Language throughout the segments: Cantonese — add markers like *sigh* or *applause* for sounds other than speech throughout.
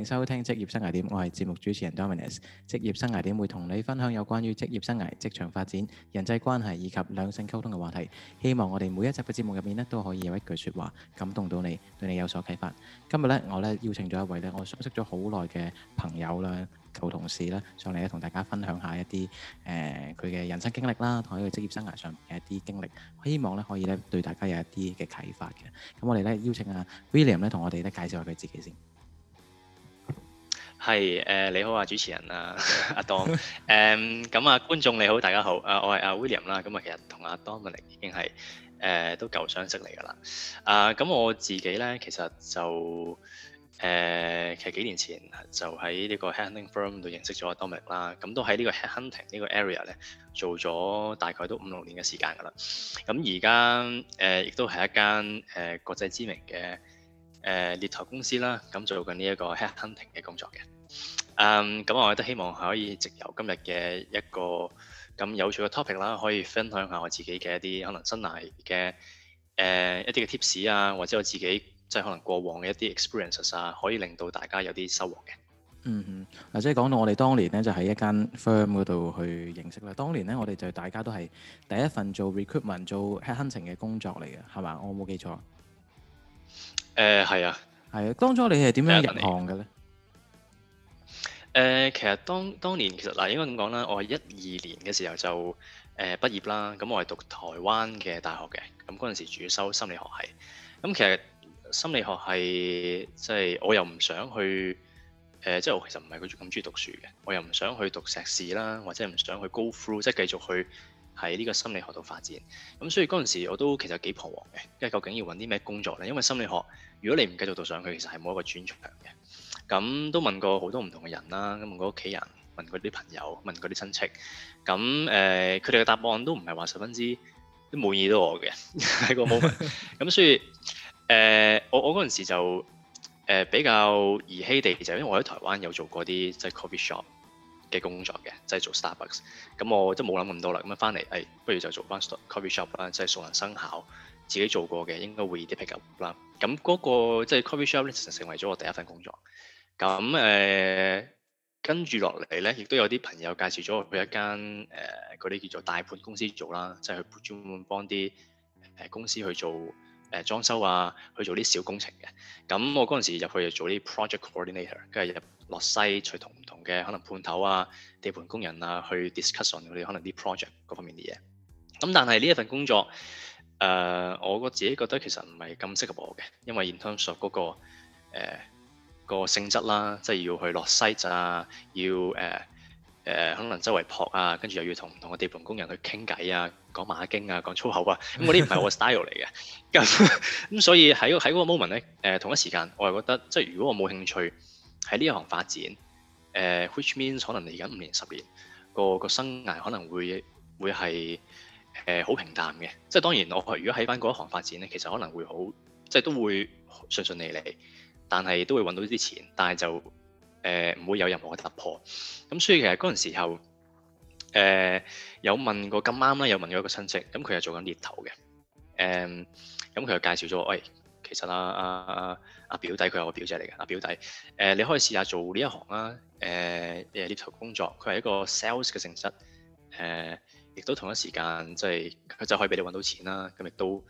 請收聽職業生涯點，我係節目主持人 Dominus。職業生涯點會同你分享有關於職業生涯、職場發展、人際關係以及兩性溝通嘅話題。希望我哋每一集嘅節目入面咧，都可以有一句說話感動到你，對你有所啟發。今日咧，我咧邀請咗一位咧，我相識咗好耐嘅朋友啦、舊同事啦，上嚟咧同大家分享下一啲誒，佢嘅人生經歷啦，同喺佢職業生涯上嘅一啲經歷。希望咧可以咧對大家有一啲嘅啟發嘅。咁我哋咧邀請下 William 咧，同我哋咧介紹下佢自己先。係，誒，你好啊主持人 *laughs* 啊，阿當。誒，咁啊觀眾你好，大家好啊，我係阿 William 啦。咁啊其實同阿 Dominic 已經係誒、嗯、都舊相識嚟㗎啦。啊咁我自己咧其實就誒、嗯、其實幾年前就喺呢個 Hunting Firm 度認識咗阿 Dominic 啦、嗯、咁都喺呢個 Hunting 呢個 area 咧做咗大概都五六年嘅時間㗎啦，咁而家誒亦都係一間誒國際知名嘅。誒、uh, 獵頭公司啦，咁做緊呢一個 head hunting 嘅工作嘅。嗯，咁我亦都希望可以藉由今日嘅一個咁有趣嘅 topic 啦，可以分享下我自己嘅一啲可能新嚟嘅誒、uh, 一啲嘅 tips 啊，或者我自己即係可能過往嘅一啲 experiences 啊，可以令到大家有啲收穫嘅。嗯哼，嗱，即係講到我哋當年呢，就喺、是、一間 firm 嗰度去認識啦。當年呢，我哋就大家都係第一份做 recruitment 做 head hunting 嘅工作嚟嘅，係嘛？我冇記錯。誒係、呃、啊，係啊，當初你係點樣入行嘅咧？誒、啊呃，其實當當年其實嗱，應該咁講啦，我係一二年嘅時候就誒畢業啦。咁我係讀台灣嘅大學嘅，咁嗰陣時主修心理學系。咁其實心理學係即係我又唔想去誒、呃，即係我其實唔係佢咁中意讀書嘅，我又唔想去讀碩士啦，或者唔想去 go through，即係繼續去，喺呢個心理學度發展，咁所以嗰陣時我都其實幾彷徨嘅，因為究竟要揾啲咩工作呢？因為心理學如果你唔繼續讀上去，其實係冇一個專長嘅。咁都問過好多唔同嘅人啦，咁問過屋企人，問過啲朋友，問過啲親戚，咁誒佢哋嘅答案都唔係話十分之滿意到我嘅，係個 moment。咁 *laughs* 所以誒、呃、我我嗰陣時就、呃、比較兒戲地就是、因為我喺台灣有做過啲即係 coffee shop。就是 CO 嘅工作嘅，即係做 Starbucks，咁我都冇諗咁多啦，咁啊翻嚟，誒，不如就做翻 coffee shop 啦，即係熟能生巧，自己做過嘅，應該會啲 Pickup 啦。咁嗰個即係 coffee shop 咧，呢，就成為咗我第一份工作。咁誒，跟住落嚟咧，亦都有啲朋友介紹咗我去一間誒嗰啲叫做大盤公司做啦，即係去專門幫啲誒公司去做。誒裝修啊，去做啲小工程嘅。咁我嗰陣時入去就做啲 project coordinator，跟住入落西，隨同唔同嘅可能判頭啊、地盤工人啊去 discuss on 佢哋可能啲 project 各方面啲嘢。咁但係呢一份工作，誒、呃、我自己覺得其實唔係咁適合我嘅，因為 construction 嗰個、呃那個性質啦，即係要去落西啊，要誒。呃誒、呃、可能周圍撲啊，跟住又要同唔同嘅地盤工人去傾偈啊，講馬經啊，講粗口啊，咁嗰啲唔係我 style 嚟嘅。咁咁、 *laughs* *laughs* 嗯、所以喺喺嗰個 moment 咧，誒、呃、同一時間我又覺得，即係如果我冇興趣喺呢一行發展，誒、呃、which means 可能嚟緊五年十年個、嗰個生涯可能會會係誒好平淡嘅。即係當然我如果喺翻嗰一行發展咧，其實可能會好，即係都會順順利利，但係都會揾到啲錢，但係就。誒唔、呃、會有任何嘅突破，咁所以其實嗰陣時候，誒、呃、有問過咁啱啦，有問過一個親戚，咁佢又做緊獵頭嘅，誒咁佢又介紹咗喂、哎，其實啦、啊，阿阿表弟佢係我表姐嚟嘅，阿、啊、表弟，誒、啊呃、你可以試下做呢一行啦，誒誒獵頭工作，佢係一個 sales 嘅性質，誒、呃、亦都同一時間即係佢就可以俾你揾到錢啦，咁、嗯、亦都。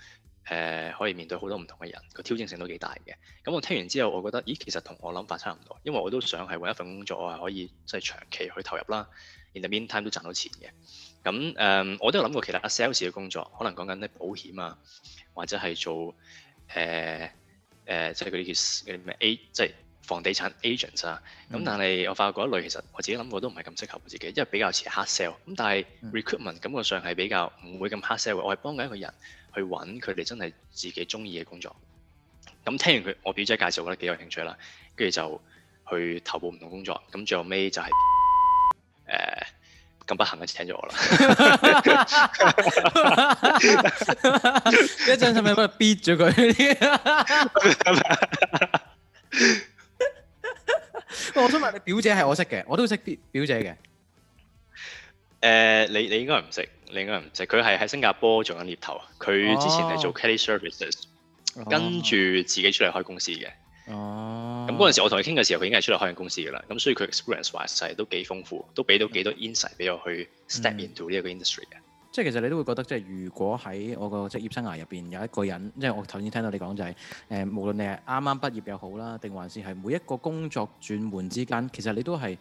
誒、呃、可以面對好多唔同嘅人，個挑戰性都幾大嘅。咁、嗯、我聽完之後，我覺得，咦，其實同我諗法差唔多，因為我都想係揾一份工作，我係可以即係長期去投入啦，in the meantime 都賺到錢嘅。咁、嗯、誒，我都有諗過其他 sales 嘅工作，可能講緊啲保險啊，或者係做誒誒，即係嗰啲叫嗰啲咩 a，即係房地產 agent 啊。咁、嗯、但係我發覺一類其實我自己諗過都唔係咁適合自己，因為比較似 hard sell 咁，但係 recruitment 感覺上係比較唔會咁 hard sell，我係幫緊一個人。去揾佢哋真係自己中意嘅工作，咁聽完佢我表姐介紹，我覺得幾有興趣啦，跟住就去投報唔同工作，咁最後尾就係誒咁不幸嘅請咗我啦，一陣係咪喺度逼咗佢？ *laughs* *laughs* *laughs* 我想問你表姐係我識嘅，我都識表姐嘅。誒，uh, 你你應該唔識，你應該唔識。佢係喺新加坡做緊獵頭，佢之前係做 Kelly Services，oh. Oh. 跟住自己出嚟開公司嘅。哦，咁嗰陣時我同佢傾嘅時候，佢應該係出嚟開緊公司噶啦。咁所以佢 experience 係都幾豐富，都俾到幾多 insight 俾、mm. 我去 step into 呢一、mm. 個 industry 嘅。即係其實你都會覺得，即係如果喺我個職業生涯入邊有一個人，即係我頭先聽到你講就係、是、誒，無論你係啱啱畢業又好啦，定還是係每一個工作轉換之間，其實你都係。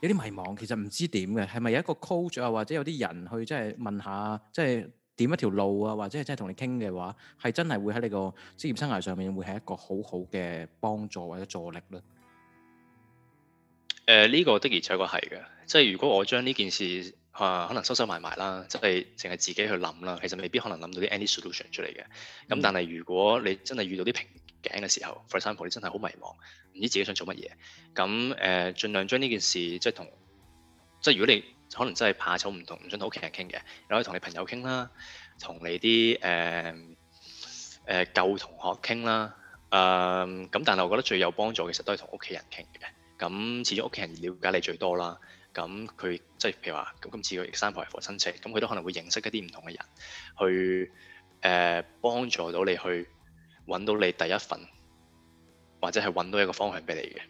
有啲迷茫，其實唔知點嘅，係咪有一個 coach 啊、就是，或者有啲人去即係問下，即係點一條路啊，或者係真係同你傾嘅話，係真係會喺你個職業生涯上面會係一個好好嘅幫助或者助力咧。誒、呃、呢、這個的而且確係嘅，即係如果我將呢件事嚇、啊、可能收收埋埋啦，即係淨係自己去諗啦，其實未必可能諗到啲 any solution 出嚟嘅。咁、嗯、但係如果你真係遇到啲瓶頸嘅時候，for example 你真係好迷茫。唔知自己想做乜嘢，咁誒、呃、盡量將呢件事即係同即係如果你可能真係怕醜，唔同唔想同屋企人傾嘅，你可以同你朋友傾啦，同你啲誒誒舊同學傾啦，誒、呃、咁，但係我覺得最有幫助其實都係同屋企人傾嘅。咁始終屋企人了解你最多啦，咁佢即係譬如話咁今次個 example 係親戚，咁佢都可能會認識一啲唔同嘅人，去誒幫、呃、助到你去揾到你第一份。或者係揾到一個方向俾你嘅，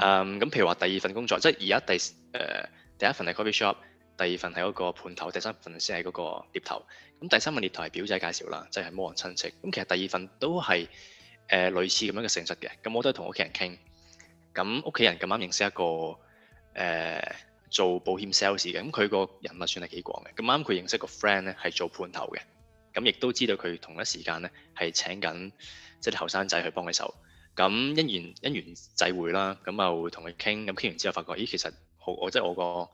嗯，咁、嗯，譬如話第二份工作，即係而家第誒、呃、第一份係 coffee shop，第二份係嗰個判頭，第三份先係嗰個獵頭。咁、嗯、第三份獵頭係表仔介紹啦，即係魔王親戚。咁、嗯、其實第二份都係誒、呃、類似咁樣嘅性質嘅。咁、嗯、我都係同屋企人傾，咁屋企人咁啱認識一個誒、呃、做保險 sales 嘅，咁佢個人脈算係幾廣嘅。咁啱佢認識個 friend 咧係做判頭嘅，咁、嗯、亦都知道佢同一時間咧係請緊即係啲後生仔去幫佢手。咁因緣因緣際會啦，咁又會同佢傾，咁傾完之後發覺，咦，其實好，即我即係我、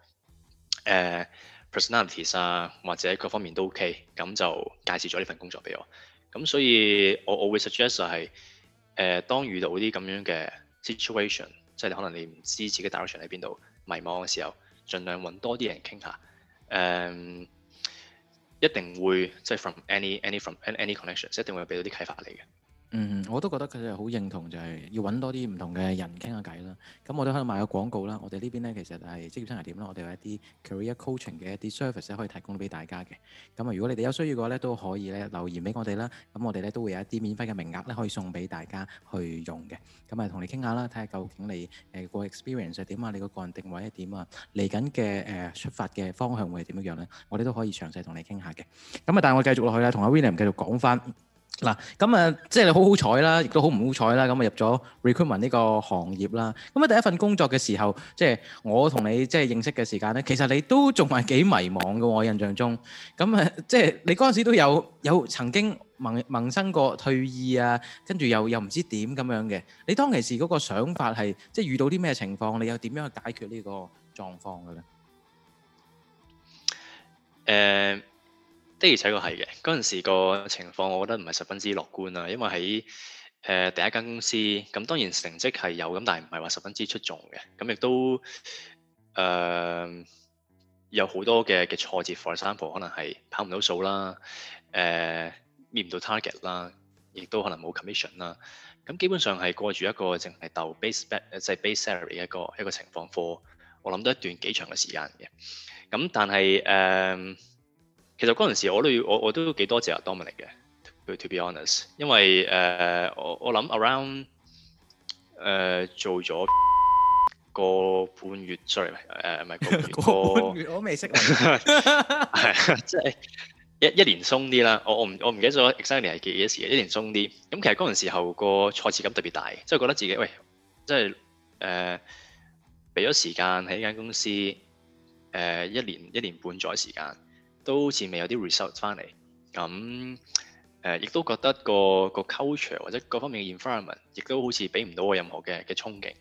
呃、個誒 personalities 啊，或者各方面都 OK，咁就介紹咗呢份工作俾我。咁所以我我會 suggest 就係誒、呃，當遇到啲咁樣嘅 situation，即係可能你唔知自己 direction 喺邊度，迷茫嘅時候，盡量揾多啲人傾下，誒、呃，一定會即係 from any any from any connections，一定會俾到啲啟發你嘅。嗯，我都覺得佢哋好認同，就係、是、要揾多啲唔同嘅人傾下偈啦。咁我都喺度賣個廣告啦。我哋呢邊呢，其實係職業生涯點啦，我哋有一啲 career coaching 嘅一啲 service 可以提供到俾大家嘅。咁啊，如果你哋有需要嘅話呢，都可以咧留言俾我哋啦。咁我哋呢，都會有一啲免費嘅名額呢，可以送俾大家去用嘅。咁啊，同你傾下啦，睇下究竟你誒個 experience 係點啊，你個個人定位係點啊，嚟緊嘅誒出發嘅方向會係點樣樣咧，我哋都可以詳細同你傾下嘅。咁啊，但係我繼續落去啦，同阿 William 繼續講翻。嗱，咁啊，即係你好好彩啦，亦都好唔好彩啦，咁啊入咗 recruitment 呢個行業啦。咁喺第一份工作嘅時候，即係我同你即係認識嘅時間咧，其實你都仲係幾迷茫嘅，我印象中。咁啊，即係你嗰陣時都有有曾經萌萌生過退意啊，跟住又又唔知點咁樣嘅。你當其時嗰個想法係即係遇到啲咩情況，你又點樣去解決呢個狀況嘅咧？誒、uh。的而且確係嘅，嗰陣時個情況我覺得唔係十分之樂觀啊，因為喺誒、呃、第一間公司，咁當然成績係有，咁但係唔係話十分之出眾嘅，咁亦都誒、呃、有好多嘅嘅挫折，for example 可能係跑唔到數啦，誒 meet 唔到 target 啦，亦都可能冇 commission 啦，咁基本上係過住一個淨係鬥 base 誒即係 base salary 一個一個情況 for 我諗都一段幾長嘅時間嘅，咁但係誒。呃其實嗰時我，我都要我我都幾多謝阿 Dominic 嘅，To be honest，因為誒、呃、我我諗 around 誒、呃、做咗個半月，sorry 唔係誒唔係個月， *laughs* 個月我未識，即係 *laughs* *laughs* 一一年鬆啲啦。我我唔我唔記得咗 exactly 係幾幾多時嘅一年鬆啲。咁、嗯、其實嗰陣時候個挫折感特別大，即、就、係、是、覺得自己喂，即係誒俾咗時間喺間公司誒、呃、一年一年半載時間。都好似未有啲 result 翻嚟，咁誒亦都覺得，那個個 culture 或者各方面嘅 environment，亦都好似俾唔到我任何嘅嘅憧憬。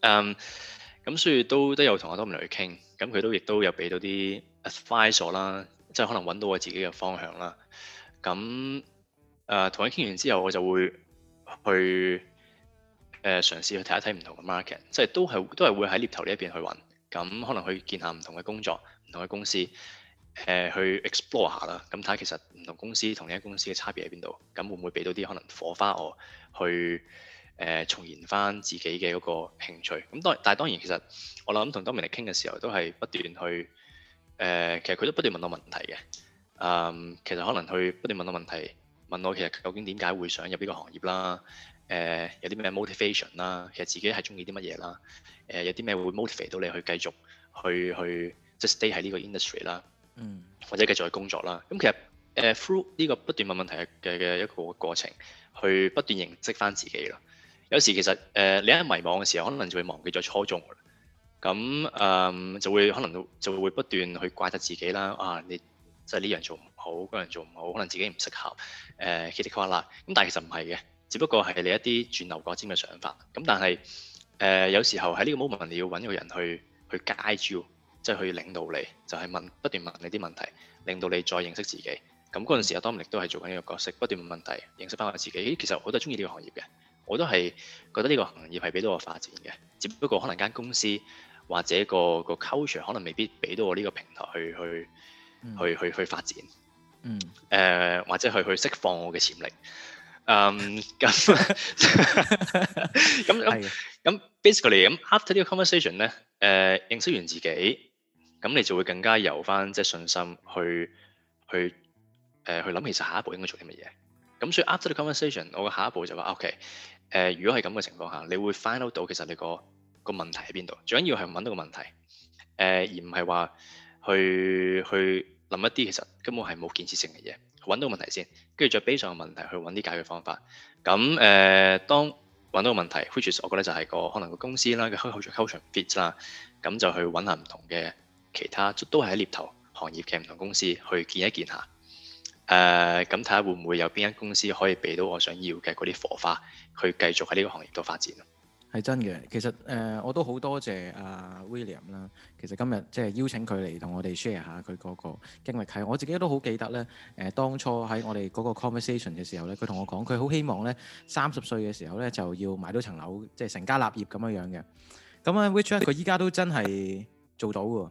嗯，咁、um, 所以都都有同我都唔嚟去傾，咁佢都亦都有俾到啲 advice 啦，即係可能揾到我自己嘅方向啦。咁誒同佢傾完之後，我就會去誒、呃、嘗試去睇一睇唔同嘅 market，即係都係都係會喺獵頭呢一邊去揾，咁可能去見下唔同嘅工作、唔同嘅公司。誒去 explore 下啦，咁睇下其實唔同公司同呢間公司嘅差別喺邊度，咁會唔會俾到啲可能火花，我去誒、呃、重燃返自己嘅嗰個興趣。咁當然，但係當然其實我諗同當明嚟傾嘅時候，都係不斷去誒、呃，其實佢都不斷問我問題嘅。嗯，其實可能佢不斷問我問題，問我其實究竟點解會想入呢個行業啦？誒、呃，有啲咩 motivation 啦？其實自己係中意啲乜嘢啦？誒、呃，有啲咩會 motivate 到你去繼續去去即係 stay 喺 in 呢個 industry 啦、啊？嗯，或者繼續去工作啦。咁其實誒，through 呢個不斷問問題嘅嘅一個過程，去不斷認識翻自己啦。有時其實誒，你喺迷惘嘅時候，可能就會忘記咗初衷。咁誒，就會可能就會不斷去怪責自己啦。啊，你就係呢樣做唔好，嗰樣做唔好，可能自己唔適合誒，竭力狂啦。咁但係其實唔係嘅，只不過係你一啲轉牛角尖嘅想法。咁但係誒，有時候喺呢個 moment 你要揾個人去去 guide you 即係去領導你，就係、是、問不斷問你啲問題，令到你再認識自己。咁嗰陣時阿多力都係做緊呢個角色，不斷問問題，認識翻我自己。其實我都係中意呢個行業嘅，我都係覺得呢個行業係俾到我發展嘅。只不過可能間公司或者個個 culture 可能未必俾到我呢個平台去去、mm hmm. 去去去發展。嗯、mm。誒、hmm. 呃，或者去去釋放我嘅潛力。嗯、um，咁咁咁 basically 咁 after 呢個 conversation 咧、呃，誒認識完自己。咁你就會更加有翻即係信心去去、呃、去諗其實下一步應該做啲乜嘢。咁所以 after the conversation，我嘅下一步就話 OK，、呃、如果係咁嘅情況下，你會 find out 到其實你個個問題喺邊度。最緊要係揾到個問題，呃、而唔係話去去諗一啲其實根本係冇建設性嘅嘢。揾到個問題先，跟住再 base 上個問題去揾啲解決方法。咁誒、呃、當揾到個問題，which is 我覺得就係個可能個公司啦、嘅 culture、culture fit 啦，咁就去揾下唔同嘅。其他都都係喺獵頭行業嘅唔同公司去見一見一下，誒咁睇下會唔會有邊間公司可以俾到我想要嘅嗰啲火花，去繼續喺呢個行業度發展咯。係真嘅，其實誒、呃、我都好多謝阿、啊、William 啦。其實今日即係邀請佢嚟同我哋 share 下佢嗰個經歷，我自己都好記得咧。誒、呃、當初喺我哋嗰個 conversation 嘅時候咧，佢同我講，佢好希望咧三十歲嘅時候咧就要買到層樓，即、就、係、是、成家立業咁樣樣嘅。咁啊，which 佢依家都真係做到喎。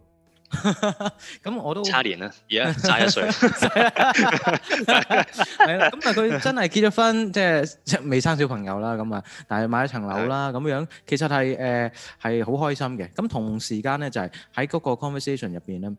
咁我都差年啦，而家差一歲，係啦。咁啊，佢真係結咗婚，即係未生小朋友啦。咁啊，但係買咗層樓啦，咁樣其實係誒係好開心嘅。咁同時間咧就係喺嗰個 conversation 入邊咧，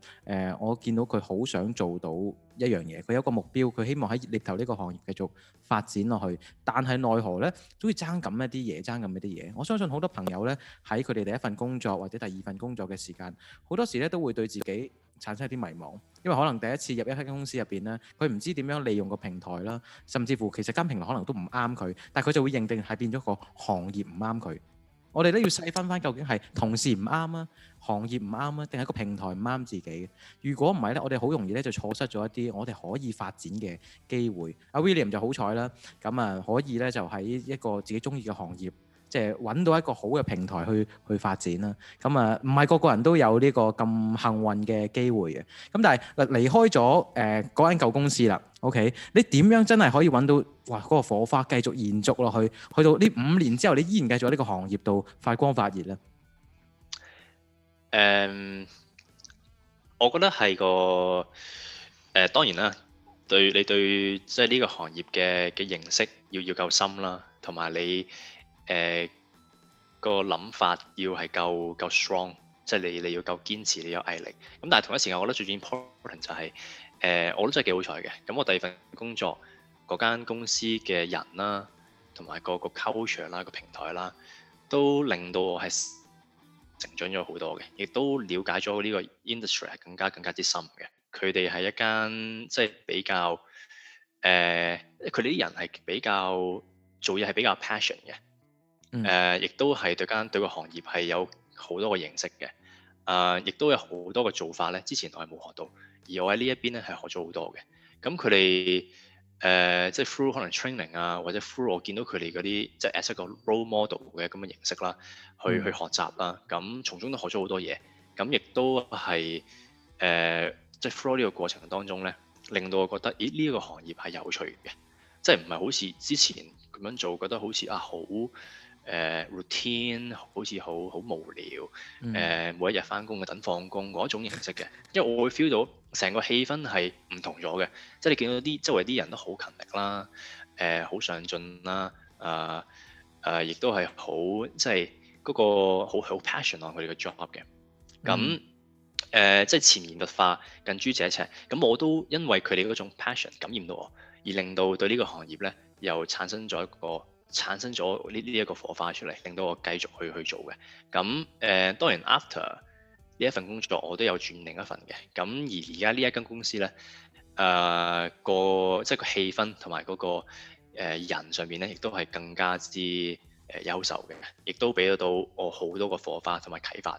誒，我見到佢好想做到一樣嘢，佢有一個目標，佢希望喺獵頭呢個行業繼續發展落去。但係奈何咧，都會爭咁一啲嘢，爭咁一啲嘢。我相信好多朋友咧喺佢哋第一份工作或者第二份工作嘅時間，好多時咧都會。對自己產生一啲迷茫，因為可能第一次入一間公司入邊咧，佢唔知點樣利用個平台啦，甚至乎其實間平台可能都唔啱佢，但係佢就會認定係變咗個行業唔啱佢。我哋都要細分翻究竟係同事唔啱啊，行業唔啱啊，定係個平台唔啱自己？如果唔係咧，我哋好容易咧就錯失咗一啲我哋可以發展嘅機會。阿 William 就好彩啦，咁啊可以咧就喺一個自己中意嘅行業。即係揾到一個好嘅平台去去發展啦，咁啊唔係個個人都有呢個咁幸運嘅機會嘅，咁但係離開咗誒嗰間舊公司啦，OK？你點樣真係可以揾到哇嗰個火花繼續延續落去，去到呢五年之後你依然繼續喺呢個行業度發光發熱咧？誒，我覺得係個誒當然啦，對你對即係呢個行業嘅嘅認識要要夠深啦，同埋你。誒、呃那個諗法要係夠夠 strong，即係你你要夠堅持，你有毅力。咁但係同一時間，我覺得最 important 就係、是、誒、呃，我都真係幾好彩嘅。咁我第二份工作嗰間公司嘅人啦，同埋個個 culture 啦，個平台啦，都令到我係成長咗好多嘅，亦都了解咗呢個 industry 係更加更加之深嘅。佢哋係一間即係比較誒，佢哋啲人係比較做嘢係比較 passion 嘅。誒、嗯呃，亦都係對間對個行業係有好多個認識嘅，誒、呃，亦都有好多個做法咧。之前我係冇學到，而我喺呢一邊咧係學咗好多嘅。咁佢哋誒，即係 through 可能 training 啊，或者 through 我見到佢哋嗰啲，即係 as 一個 role model 嘅咁嘅形式啦，嗯、去去學習啦。咁從中都學咗好多嘢。咁亦都係誒、呃，即係 through 呢個過程當中咧，令到我覺得，咦？呢、這、一個行業係有趣嘅，即係唔係好似之前咁樣做，覺得好似啊好～誒、uh, routine 好似好好無聊，誒、嗯 uh, 每一日翻工嘅等放工嗰種形式嘅，因為我會 feel 到成個氣氛係唔同咗嘅，即、就、係、是、你見到啲周圍啲人都好勤力啦，誒、uh, 好上進啦，啊誒亦都係好即係嗰個好好 passion on 佢哋嘅 job 嘅，咁誒即係潛移默化近朱者赤，咁我都因為佢哋嗰種 passion 感染到我，而令到對呢個行業咧又產生咗一個。產生咗呢呢一個火花出嚟，令到我繼續去去做嘅。咁誒、呃、當然，after 呢一份工作，我都有轉另一份嘅。咁而而家呢一間公司呢誒、呃、個即係、就是、個氣氛同埋嗰個、呃、人上面呢，亦都係更加之誒優秀嘅，亦都俾得到我好多個火花同埋啟發，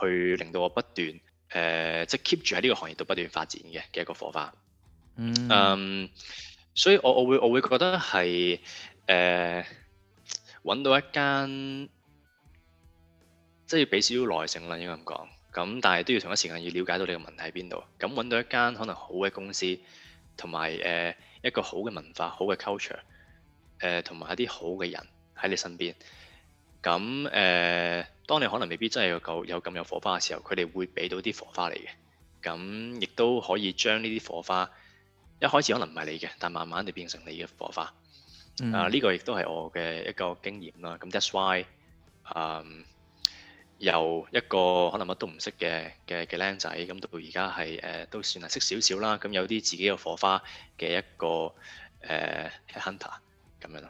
去令到我不斷誒即係 keep 住喺呢個行業度不斷發展嘅嘅一個火花。嗯，um, 所以我我會我會覺得係。誒, uh, 揾到一間，即係要俾少少耐性啦，應該咁講。咁但係都要同一時間要了解到你嘅問題喺邊度。咁揾到一間可能好嘅公司，同埋誒一個好嘅文化、好嘅 culture，誒同埋一啲好嘅人喺你身邊。咁誒，uh, 當你可能未必真係有夠有咁有火花嘅時候，佢哋會俾到啲火花嚟嘅。咁亦都可以將呢啲火花，一開始可能唔係你嘅，但慢慢地變成你嘅火花。嗯、啊！呢、這個亦都係我嘅一個經驗啦。咁 That’s why，啊、嗯，由一個可能乜都唔識嘅嘅嘅僆仔，咁到而家係誒都算係識少少啦。咁有啲自己嘅火花嘅一個誒、呃、hunter 咁樣咯。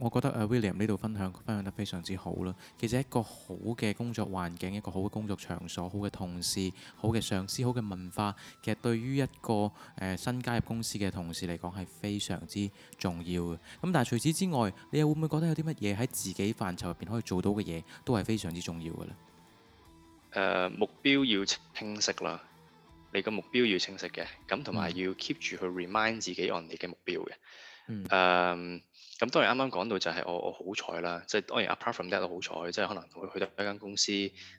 我覺得 William 呢度分享分享得非常之好啦。其實一個好嘅工作環境，一個好嘅工作場所，好嘅同事，好嘅上司，好嘅文化，其實對於一個誒、呃、新加入公司嘅同事嚟講係非常之重要嘅。咁、嗯、但係除此之外，你又會唔會覺得有啲乜嘢喺自己範疇入邊可以做到嘅嘢，都係非常之重要嘅咧？誒、呃、目標要清晰啦，你個目標要清晰嘅，咁同埋要 keep 住去 remind 自己按你嘅目標嘅。嗯。呃咁、嗯、當然啱啱講到就係我我好彩啦，即係當然 apart from that 都好彩，即係可能會去到一間公司，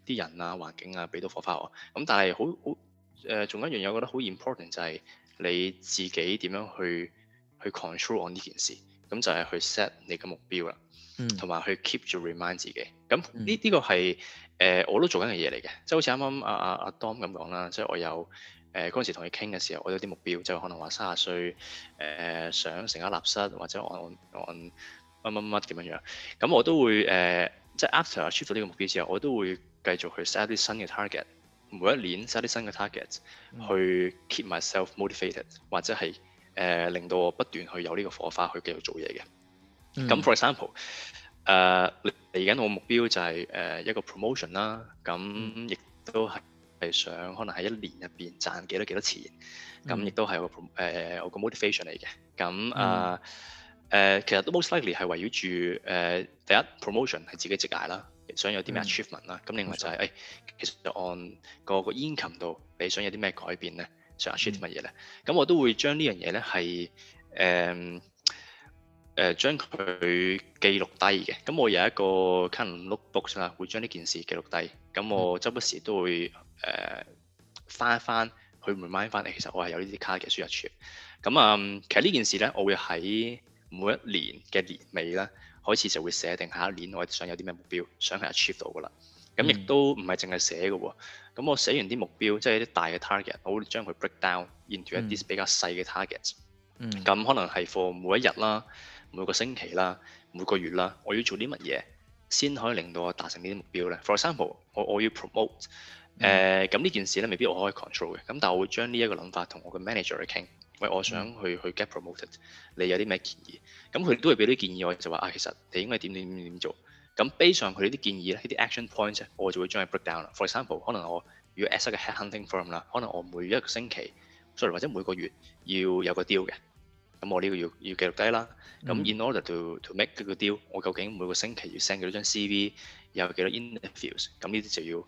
啲人啊，環境啊俾到火花我。咁、嗯、但係好好誒，仲、呃、有一樣我覺得好 important 就係你自己點樣去去 control on 呢件事，咁、嗯、就係、是、去 set 你嘅目標啦，同埋、嗯、去 keep 住 remind 自己。咁呢呢個係誒、呃、我都做緊嘅嘢嚟嘅，即係好似啱啱阿阿阿 Dom 咁講啦，即係我有。誒嗰陣時同你傾嘅時候，我有啲目標，就可能話三廿歲誒、呃、想成家立室，或者按按乜乜乜咁樣樣。咁我都會誒、呃，即係 after achieve 咗呢個目標之後，我都會繼續去 set 啲新嘅 target，每一年 set 啲新嘅 target、嗯、去 keep myself motivated，或者係誒、呃、令到我不斷去有呢個火花去繼續做嘢嘅。咁、嗯、for example，誒嚟緊我目標就係、是、誒、呃、一個 promotion 啦，咁亦都係。係想可能喺一年入邊賺幾多幾多錢，咁亦都係個誒我個 motivation 嚟嘅。咁、呃嗯、啊誒、呃，其實都 most likely 係圍繞住誒、呃、第一 promotion 係自己職涯啦，想有啲咩 achievement 啦。咁、嗯、另外就係、是、誒、嗯哎，其實就按、嗰個、嗰個 income 度，你想有啲咩改變咧？想 achieve 乜嘢咧？咁、嗯、我都會將呢樣嘢咧係誒誒將佢記錄低嘅。咁我有一個 current kind of notebook 啦，會將呢件事記錄低。咁我周不時都會。誒、呃、翻一翻，佢 remind 翻嚟、嗯，其實我係有呢啲 target 輸入處。咁啊，其實呢件事咧，我會喺每一年嘅年尾咧開始就會寫定下一年我想有啲咩目標想去 achieve 到噶啦。咁亦都唔係淨係寫噶喎。咁、嗯、我寫完啲目標，即係啲大嘅 target，我會將佢 break down into 一啲、嗯、比較細嘅 target 咁、嗯、可能係 for 每一日啦、每個星期啦、每個月啦，我要做啲乜嘢先可以令到我達成呢啲目標咧？For example，我我要 promote。誒咁呢件事咧，未必我可以 control 嘅。咁但係我會將呢一個諗法同我嘅 manager 傾。喂，我想去、嗯、去 get promoted，你有啲咩建議？咁佢都會俾啲建議，我就話啊，其實你應該點點點點做。咁，base 上佢呢啲建議咧，呢啲 action point 我就會將佢 break down。For example，可能我如果 at 一個 head hunting firm 啦，可能我每一個星期，sorry 或者每個月要有個 deal 嘅。咁我呢個要要記錄低啦。咁 in order to to make 嗰個 deal，我究竟每個星期要 send 幾多張 CV，有幾多 interviews？咁呢啲就要。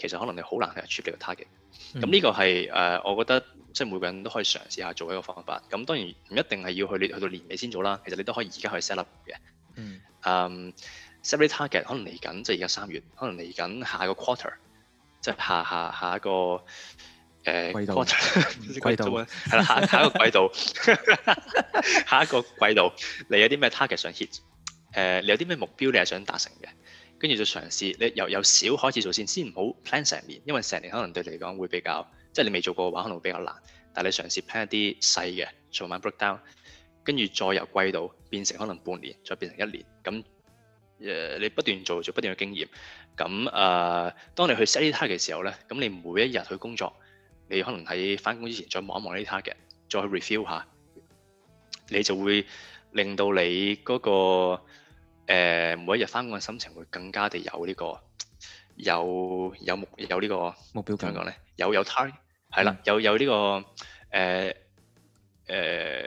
其實可能你好難去出你個 target，咁呢個係誒，我覺得即係每個人都可以嘗試下做一個方法。咁當然唔一定係要去年去到年尾先做啦，其實你都可以而家去 set up 嘅。嗯。誒、um,set up 啲 target 可能嚟緊，即係而家三月，可能嚟緊下一個 quarter，即係下下下一個誒季度，季度係啦，下下一個季度，下一個季度你有啲咩 target 想 hit？誒，你有啲咩、呃、目標你係想達成嘅？跟住就嘗試，你由由少開始做先，先唔好 plan 成年，因為成年可能對你嚟講會比較，即係你未做過嘅話可能會比較難。但係你嘗試 plan 一啲細嘅，做埋 breakdown，跟住再由季度變成可能半年，再變成一年，咁誒你不斷做做，不斷嘅經驗。咁誒、呃，當你去 set 啲 target 嘅時候呢，咁你每一日去工作，你可能喺翻工之前再望一望啲 target，再去 review 下，你就會令到你嗰、那個。誒每一日翻工嘅心情會更加地有呢、這個有有目有呢、這個目標感嚟，有有 target 係啦，有 get,、嗯、有呢、這個誒誒、呃呃、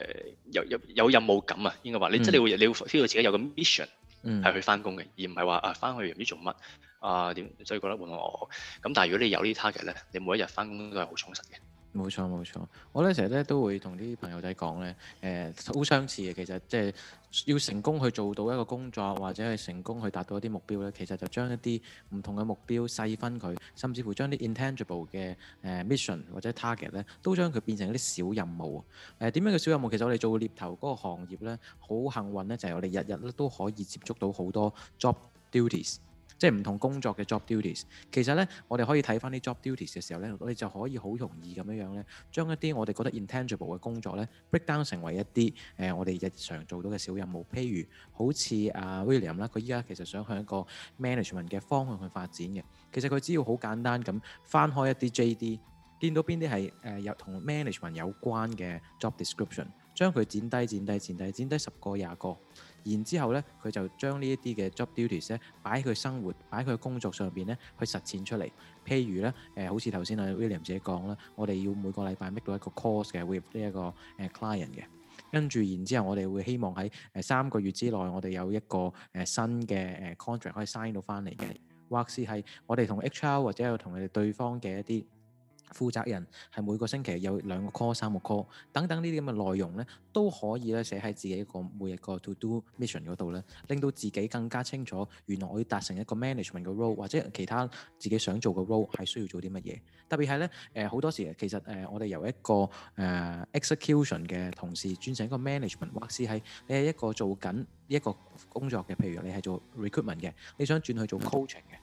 有有有任務感啊，應該話你即係、嗯、你會你會 feel 到自己有個 mission 係去翻工嘅，嗯、而唔係話啊翻去唔知做乜啊點，所以覺得換我咁。但係如果你有呢啲 target 咧，你每一日翻工都係好充實嘅。冇錯冇錯，我咧成日咧都會同啲朋友仔講咧，誒、呃、好相似嘅，其實即係要成功去做到一個工作或者係成功去達到一啲目標咧，其實就將一啲唔同嘅目標細分佢，甚至乎將啲 intangible 嘅誒 mission 或者 target 咧，都將佢變成一啲小任務。誒、呃、點樣嘅小任務？其實我哋做獵頭嗰個行業咧，好幸運咧，就係我哋日日咧都可以接觸到好多 job duties。即係唔同工作嘅 job duties，其實呢，我哋可以睇翻啲 job duties 嘅時候呢，我哋就可以好容易咁樣樣呢，將一啲我哋覺得 intangible 嘅工作呢 break down 成為一啲、呃、我哋日常做到嘅小任務，譬如好似、啊、William 啦，佢依家其實想向一個 management 嘅方向去發展嘅，其實佢只要好簡單咁翻開一啲 JD，見到邊啲係、呃、有同 management 有關嘅 job description，將佢剪低剪低剪低剪低十個廿個。然之後咧，佢就將呢一啲嘅 job duties 咧，擺喺佢生活、擺喺佢工作上邊咧，去實踐出嚟。譬如咧，誒、呃、好似頭先啊 William 自己講啦，我哋要每個禮拜 make 到一個 course 嘅 with 呢一個 client 嘅，跟住然之後我哋會希望喺三個月之內，我哋有一個新嘅 contract 可以 sign 到翻嚟嘅，或是係我哋同 HR 或者係同你哋對方嘅一啲負責人係每個星期有兩個 call 三個 call 等等呢啲咁嘅內容呢，都可以咧寫喺自己個每日個 to do mission 嗰度呢，令到自己更加清楚，原來我要達成一個 management 嘅 role 或者其他自己想做嘅 role 係需要做啲乜嘢。特別係呢，誒、呃、好多時其實、呃、我哋由一個、呃、execution 嘅同事轉成一個 management，或者係喺你係一個做緊一個工作嘅，譬如你係做 recruitment 嘅，你想轉去做 coaching 嘅。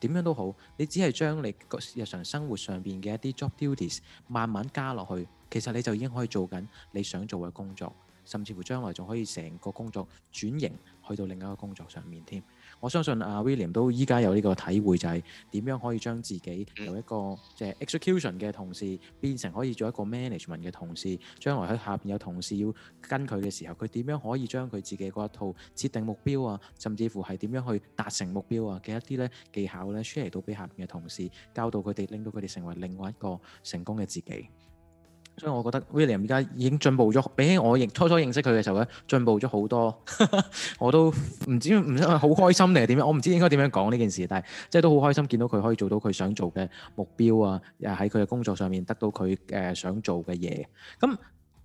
點樣都好，你只係將你日常生活上面嘅一啲 job duties 慢慢加落去，其實你就已經可以做緊你想做嘅工作，甚至乎將來仲可以成個工作轉型去到另一個工作上面添。我相信阿 William 都依家有呢個體會，就係點樣可以將自己由一個即係 execution 嘅同事變成可以做一個 management 嘅同事，將來喺下面有同事要跟佢嘅時候，佢點樣可以將佢自己嗰一套設定目標啊，甚至乎係點樣去達成目標啊嘅一啲咧技巧咧 share 到俾下面嘅同事，教導佢哋，令到佢哋成為另外一個成功嘅自己。所以，我覺得 William 而家已經進步咗，比起我認初初認識佢嘅時候咧，進步咗好多呵呵。我都唔知唔好開心定係點樣。我唔知應該點樣講呢件事，但係即係都好開心見到佢可以做到佢想做嘅目標啊！喺佢嘅工作上面得到佢誒想做嘅嘢。咁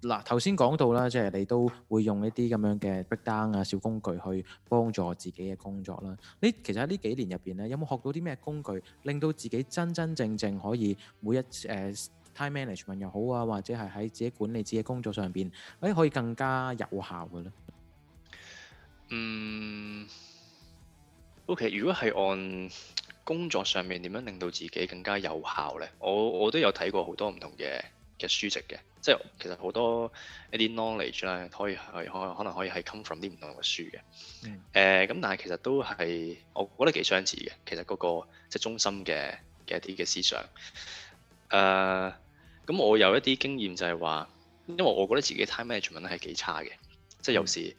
嗱頭先講到啦，即係你都會用一啲咁樣嘅壁燈啊、小工具去幫助自己嘅工作啦。呢其實喺呢幾年入邊咧，有冇學到啲咩工具，令到自己真真正正可以每一誒？呃 Time management 又好啊，或者係喺自己管理自己工作上邊，哎，可以更加有效嘅咧。嗯，OK，如果係按工作上面點樣令到自己更加有效咧，我我都有睇過好多唔同嘅嘅書籍嘅，即係其實好多一啲 knowledge 咧，可以係可可能可以係 come from 啲唔同嘅書嘅。誒、嗯，咁、呃、但係其實都係，我覺得幾相似嘅。其實、嗰個即係中心嘅嘅一啲嘅思想。誒咁，uh, 我有一啲經驗就係話，因為我覺得自己 time management 係幾差嘅，即係有時誒、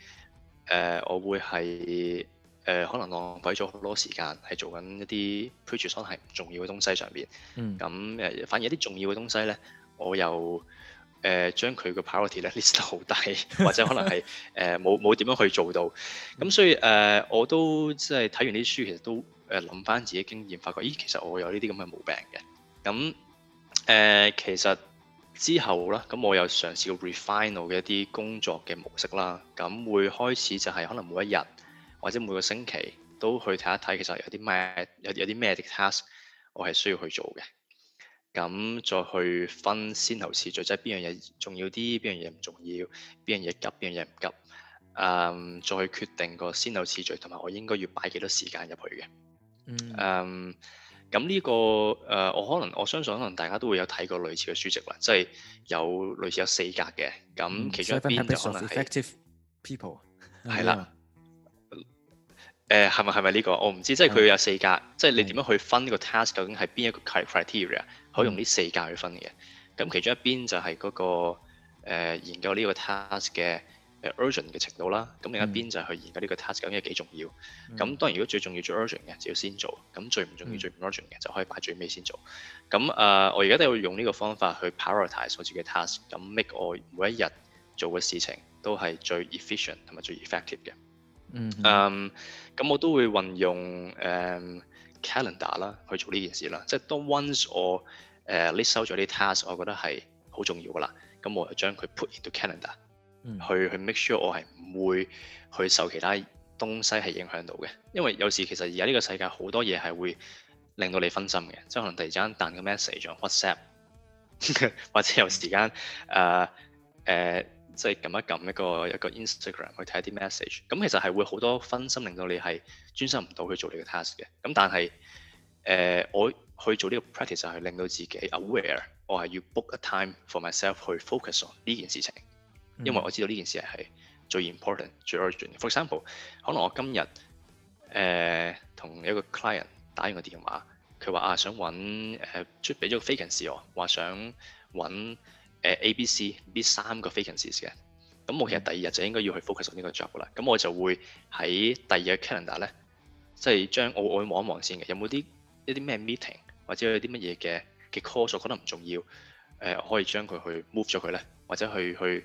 呃、我會係誒、呃、可能浪費咗好多時間係做緊一啲 preference 係唔重要嘅東西上邊，咁誒、嗯、反而一啲重要嘅東西咧，我又誒、呃、將佢個 priority 咧 list 得好低， *laughs* 或者可能係誒冇冇點樣去做到，咁所以誒、嗯呃、我都即係睇完啲書，其實都誒諗翻自己的經驗，發覺咦其實我有呢啲咁嘅毛病嘅，咁。誒、呃，其實之後啦，咁我有嘗試過 refine 嘅一啲工作嘅模式啦，咁會開始就係可能每一日或者每個星期都去睇一睇，其實有啲咩有有啲咩 task 我係需要去做嘅，咁再去分先後次序，即係邊樣嘢重要啲，邊樣嘢唔重要，邊樣嘢急，邊樣嘢唔急，誒、嗯，再決定個先後次序，同埋我應該要擺幾多時間入去嘅，嗯，嗯咁呢、這個誒，我可能我相信，可能大家都會有睇過類似嘅書籍啦，即係有類似有四格嘅。咁其中一邊就可能係 effective people，係啦。誒係咪係咪呢個？我唔知，嗯、即係佢有四格，嗯、即係你點樣去分呢個 task？究竟係邊一個 criteria 可以用呢四格去分嘅？咁、嗯、其中一邊就係嗰、那個、呃、研究呢個 task 嘅。誒 urgent 嘅程度啦，咁另一邊就係去研究呢個 task，究竟係幾重要。咁、嗯、當然，如果最重要最 urgent 嘅，就要先做。咁最唔重要、嗯、最唔 urgent 嘅，就可以擺最尾先做。咁誒、呃，我而家都要用呢個方法去 prioritize 我自己 task，咁 make 我每一日做嘅事情都係最 efficient 同埋最 effective 嘅、嗯。嗯。咁、um, 我都會運用誒、um, calendar 啦，去做呢件事啦。即係當 once 我、uh, list 咗啲 task，我覺得係好重要噶啦，咁我就將佢 put into calendar。去、嗯、去 make sure 我係唔會去受其他東西係影響到嘅，因為有時其實而家呢個世界好多嘢係會令到你分心嘅，即係可能突然之間彈個 message WhatsApp， *laughs* 或者有時間誒誒，uh, uh, 即係撳一撳一個一個 Instagram 去睇一啲 message，咁其實係會好多分心令到你係專心唔到去做呢個 task 嘅。咁、嗯、但係誒，uh, 我去做呢個 practice 就係令到自己 aware，我係要 book a time for myself 去 focus on 呢件事情。因為我知道呢件事係最 important、最 urgent。For example，可能我今日誒同一個 client 打完個電話，佢話啊想揾、啊、出俾咗個 vacancy 喎，話想揾誒 A、呃、ABC, B、C 呢三個 vacancies 嘅。咁我其實第二日就應該要去 focus 做呢個 job 啦。咁我就會喺第二日 calendar 咧，即係將我會望一望先嘅，有冇啲一啲咩 meeting 或者有啲乜嘢嘅嘅 course 覺得唔重要誒，呃、我可以將佢去 move 咗佢咧，或者去去，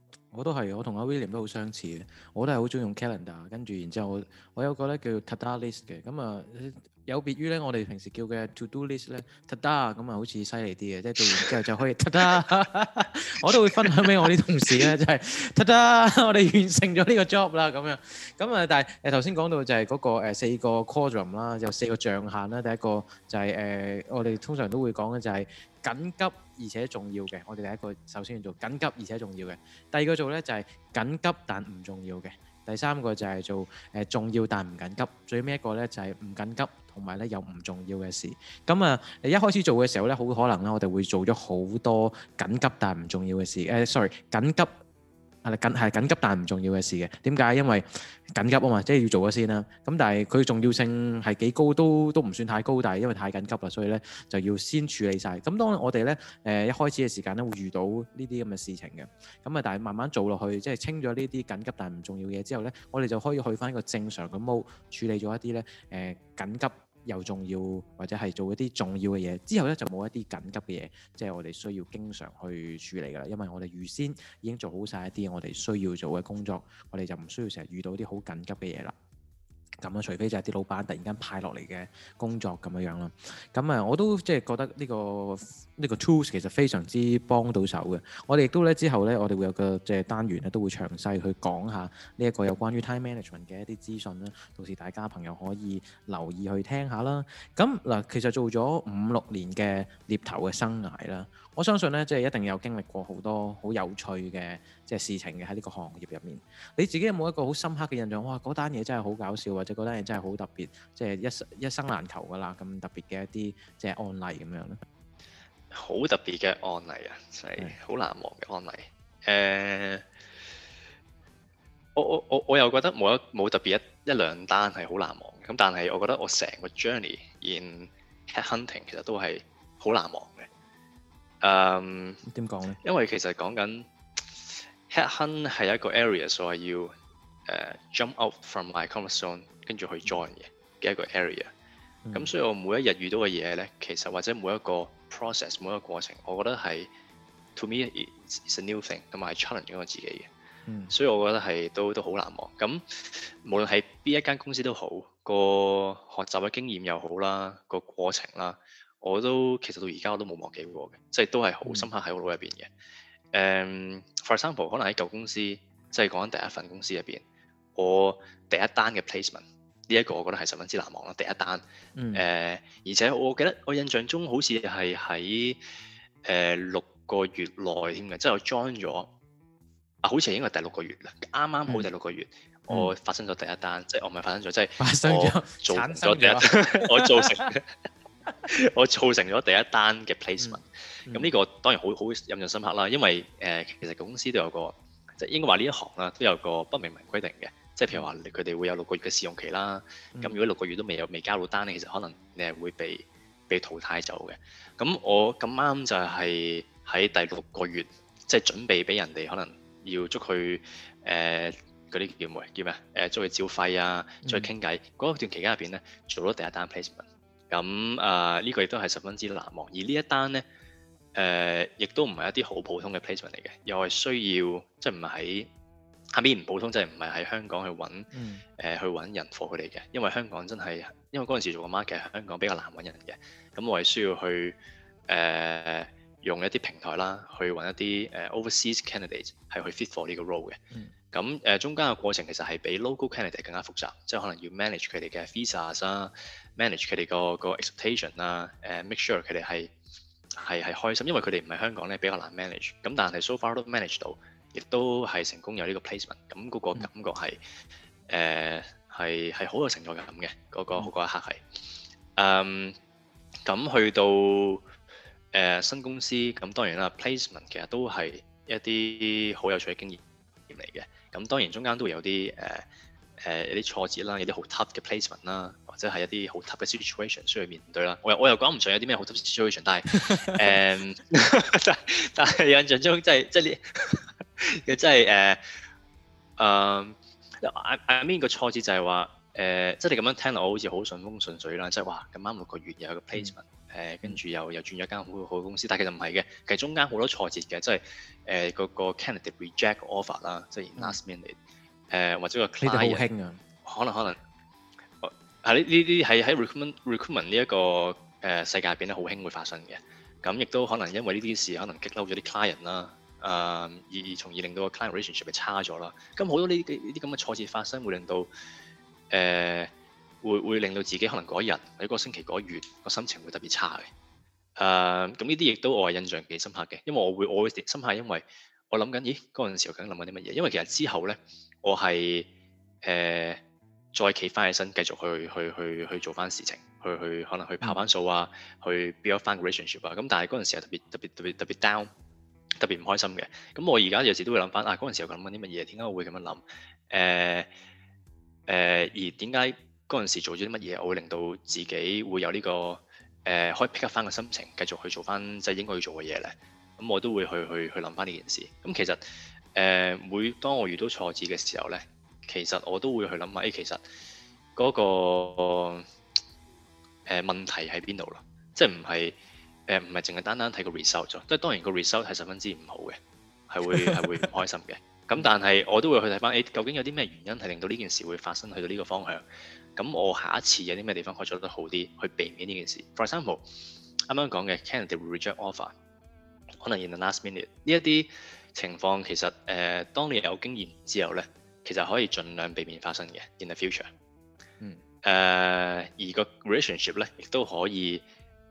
我都係，我同阿 William 都好相似嘅，我都係好中意用 Calendar，跟住然之後我我有個咧叫 Tada List 嘅，咁啊。有別於咧，我哋平時叫嘅 to do list 咧，嗒嗒咁啊，好似犀利啲嘅，即係做完之後就可以嗒嗒。我都會分享俾我啲同事咧，就係嗒嗒，我哋完成咗呢個 job 啦咁樣。咁啊，但係誒頭先講到就係嗰個誒四個 quadrant 啦，有四個象限啦。第一個就係誒我哋通常都會講嘅，就係緊急而且重要嘅，我哋第一個首先要做緊急而且重要嘅。第二個做咧就係緊急但唔重要嘅。第三個就係做誒重要但唔緊急。最尾一個咧就係唔緊急。同埋咧，有唔重要嘅事。咁啊，你一開始做嘅時候咧，好可能咧，我哋會做咗好多緊急但係唔重要嘅事。誒、呃，sorry，緊急。係啦，緊係緊急但係唔重要嘅事嘅，點解？因為緊急啊嘛，即係要做咗先啦。咁但係佢重要性係幾高，都都唔算太高，但係因為太緊急啦，所以咧就要先處理晒。咁當我哋咧，誒一開始嘅時間咧會遇到呢啲咁嘅事情嘅。咁啊，但係慢慢做落去，即係清咗呢啲緊急但係唔重要嘅嘢之後咧，我哋就可以去翻一個正常嘅 mode，處理咗一啲咧誒緊急。又重要或者係做一啲重要嘅嘢，之後呢就冇一啲緊急嘅嘢，即係我哋需要經常去處理㗎啦。因為我哋預先已經做好晒一啲我哋需要做嘅工作，我哋就唔需要成日遇到啲好緊急嘅嘢啦。咁啊，除非就係啲老闆突然間派落嚟嘅工作咁樣樣啦。咁啊，我都即係覺得呢個呢個 tools 其實非常之幫到手嘅。我哋亦都咧之後咧，我哋會有個即係單元咧，都會詳細去講下呢一個有關於 time management 嘅一啲資訊啦。到時大家朋友可以留意去聽下啦。咁嗱，其實做咗五六年嘅獵頭嘅生涯啦。我相信咧，即係一定有經歷過好多好有趣嘅即係事情嘅喺呢個行業入面。你自己有冇一個好深刻嘅印象？哇！嗰單嘢真係好搞笑，或者嗰單嘢真係好特別，即係一一生難求噶啦咁特別嘅一啲即係案例咁樣咧。好特別嘅案例啊，真係好難忘嘅案例。誒是、呃，我我我我又覺得冇一冇特別一一兩單係好難忘嘅。咁但係我覺得我成個 journey in headhunting 其實都係好難忘嘅。誒點講咧？Um, 呢因為其實講緊 Head Hunt 係一個 area，所以要誒、uh, jump out from my comfort zone 跟住去 join 嘅嘅一個 area。咁、嗯、所以我每一日遇到嘅嘢咧，其實或者每一個 process，每一個過程，我覺得係 to me it's a new thing，同埋 challenge 緊我自己嘅。嗯、所以我覺得係都都好難忘。咁無論喺邊一間公司都好，個學習嘅經驗又好啦，個過程啦。我都其實到而家我都冇忘記過嘅，即係都係好深刻喺我腦入邊嘅。誒、嗯 um,，for example，可能喺舊公司，即係講緊第一份公司入邊，我第一單嘅 placement 呢一個，我覺得係十分之難忘啦。第一單，誒、嗯呃，而且我記得我印象中好似係喺誒六個月內添嘅，即係我 join 咗啊，好似應該係第六個月啦，啱啱好第六個月，嗯、我發生咗第一單，嗯、即係我唔係發生咗，即係我做咗，我做成。 *laughs* *laughs* 我造成咗第一單嘅 placement，咁呢、嗯嗯、個當然好好印象深刻啦。因為誒、呃，其實公司都有個，即係應該話呢一行啦,都有個不明文規定嘅，即係譬如話佢哋會有六個月嘅試用期啦。咁如果六個月都未有未交到單咧，其實可能你係會被被淘汰走嘅。咁我咁啱就係喺第六個月，即係準備俾人哋可能要捉佢誒嗰啲叫咩叫咩誒、捉佢照肺啊，再傾偈嗰段期間入邊咧，做咗第一單 placement。咁啊，呢、呃呢個亦都係十分之難忘。而呢一單呢，誒、呃、亦都唔係一啲好普通嘅 placement 嚟嘅，又係需要即係唔係喺下邊唔普通，即係唔係喺香港去揾誒、呃、去揾人貨佢哋嘅。因為香港真係，因為嗰陣時做個 market，香港比較難揾人嘅。咁我係需要去誒、呃、用一啲平台啦，去揾一啲、呃、overseas candidates 係去 fit for 呢個 role 嘅。咁誒、嗯呃、中間嘅過程其實係比 local candidate 更加複雜，即係可能要 manage 佢哋嘅 visa、啊、啦。manage 佢哋、個個 expectation 啦、呃，誒 make sure 佢哋係係係開心，因為佢哋唔係香港咧，比較難 manage，咁但係 so far 都 manage 到，亦都係成功有呢個 placement，咁嗰個感覺係誒係係好有成就感嘅，嗰、嗰個好一刻係，嗯，咁、um, 去到誒、呃、新公司，咁當然啦，placement 其實都係一啲好有趣嘅經驗嚟嘅，咁當然中間都會有啲誒。呃誒、呃、有啲挫折啦，有啲好 tough 嘅 placement 啦，或者係一啲好 tough 嘅 situation 需要面對啦。我又我又講唔上有啲咩好 tough situation，但係誒、 *laughs* 嗯，但係印象中即係即係呢嘅真係誒誒，I mean 個挫折就係話誒，即、呃、係、就是、你咁樣聽落好似好順風順水啦，即、就、係、是、哇咁啱六個月有個 placement 誒、嗯呃，跟住又又轉咗間好好公司，但係其實唔係嘅，其實中間好多挫折嘅，即係誒嗰個 candidate reject offer 啦，即係 last minute。嗯嗯誒、呃、或者個 client 可能可能係呢、啊、呢啲喺喺 recruitment recruitment 呢、這、一個誒、呃、世界變得好興會發生嘅。咁亦都可能因為呢啲事，可能激嬲咗啲 client 啦、呃，誒而從而，而令到個 client relationship 係差咗啦。咁好多呢啲咁嘅挫折發生，會令到誒、呃、會會令到自己可能嗰一日、一、那個星期、嗰、那個、月、那個心情會特別差嘅。誒咁呢啲亦都我係印象幾深刻嘅，因為我會我會深刻，因為我諗緊咦嗰陣、那個、時候我究竟諗緊啲乜嘢？因為其實之後咧。我係誒、呃、再企翻起身，繼續去去去去，去做翻事情，去去可能去跑翻數啊，嗯、去 build 翻、嗯、個 relationship 啊。咁但係嗰陣時係特別特別特別特別 down，特別唔開心嘅。咁、嗯、我而家有時都會諗翻啊，嗰陣時我諗緊啲乜嘢？點解我會咁樣諗？誒、呃、誒、呃，而點解嗰陣時做咗啲乜嘢，我會令到自己會有呢、這個、呃、可以 pick up 翻嘅心情，繼續去做翻即係應該要做嘅嘢咧？咁、嗯、我都會去去去諗翻呢件事。咁、嗯、其實誒每當我遇到挫折嘅時候咧，其實我都會去諗下，誒其實嗰個誒問題喺邊度咯？即係唔係誒唔係淨係單單睇個 result，即係當然個 result 係十分之唔好嘅，係會係 *laughs* 會唔開心嘅。咁但係我都會去睇翻，誒究竟有啲咩原因係令到呢件事會發生去到呢個方向？咁我下一次有啲咩地方可以做得好啲，去避免呢件事。For example，啱啱講嘅 candidate reject offer，可能 in the last minute 呢一啲，情況其實誒、呃，當你有經驗之後咧，其實可以盡量避免發生嘅。In the future，嗯誒，uh, 而個 relationship 咧，亦都可以誒、